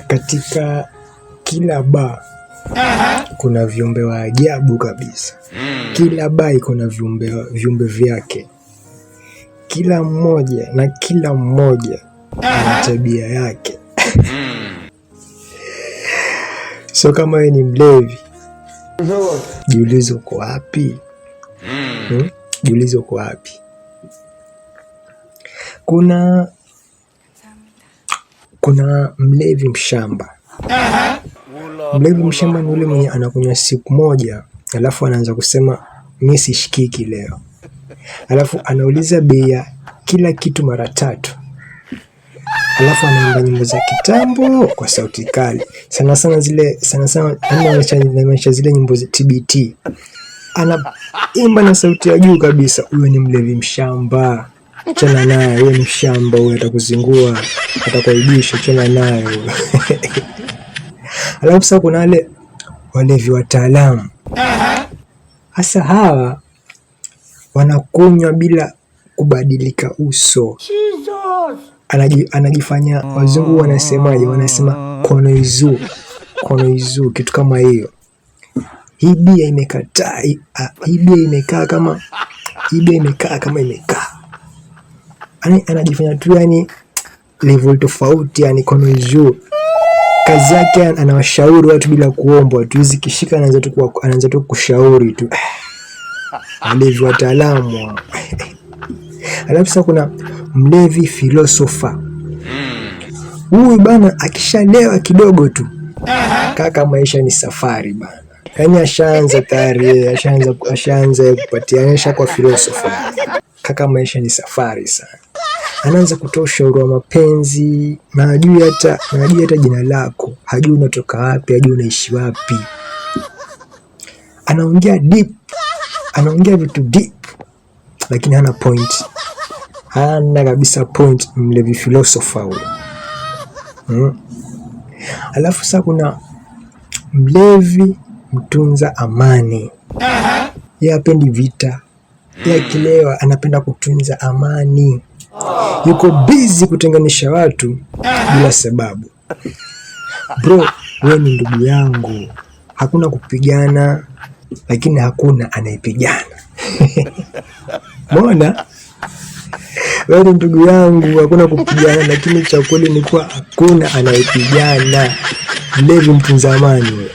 katika kila ba kuna viumbe wa ajabu kabisa. Hmm. Kila ba iko na viumbe viumbe vyake, kila mmoja na kila mmoja ana tabia yake. Hmm. So kama wewe ni mlevi, jiulize uko wapi? Hmm? hmm? uko wapi? Kuna kuna mlevi mshamba. Mlevi mshamba ni yule mwenye anakunywa siku moja, alafu anaanza kusema mi sishikiki leo, alafu anauliza bei ya kila kitu mara tatu, alafu anaimba nyimbo za kitambo kwa sauti kali sana sana, zile sana sana anaonyesha zile nyimbo za TBT, anaimba na sauti ya juu kabisa. Huyo ni mlevi mshamba chana nayo, huyo ni mshamba huyo, atakuzingua atakuaibisha, chana nayo. Alafu sasa kuna wale walevi wataalamu hasa hawa wanakunywa bila kubadilika uso. Anaji, anajifanya wazungu wanasemaje? Wanasema konoizu konoizu, kitu kama hiyo. Hii bia imekataa, ah, hii bia imekaa kama hii bia imekaa kama imekaa Yaani, anajifanya tu yani level tofauti, yani kono juu kazi yake anawashauri watu bila kuombwa tu. Hizi kishika anaanza tu kushauri tu alivyo wataalamu. Alafu sasa kuna mlevi filosofa. Huyu bana akishalewa kidogo tu kaka, maisha ni safari bana, yani ashaanza tayari, ashaanza ashaanza kupatianisha kwa filosofa. Kaka, maisha ni safari sana anaanza kutoa ushauri wa mapenzi na hajui hata na hajui hata jina lako, hajui unatoka wapi, hajui unaishi wapi. Anaongea deep, anaongea vitu deep, lakini hana point, hana kabisa point. Mlevi filosofa huyo hmm. Alafu sasa kuna mlevi mtunza amani uh -huh. Yeye apendi vita, yeye akilewa anapenda kutunza amani yuko bizi kutenganisha watu bila sababu. Bro, wewe ni ndugu yangu, hakuna kupigana, lakini hakuna anayepigana mbona? Wewe ni ndugu yangu, hakuna kupigana, lakini cha kweli ni kuwa hakuna anayepigana. Levi mtunza amani.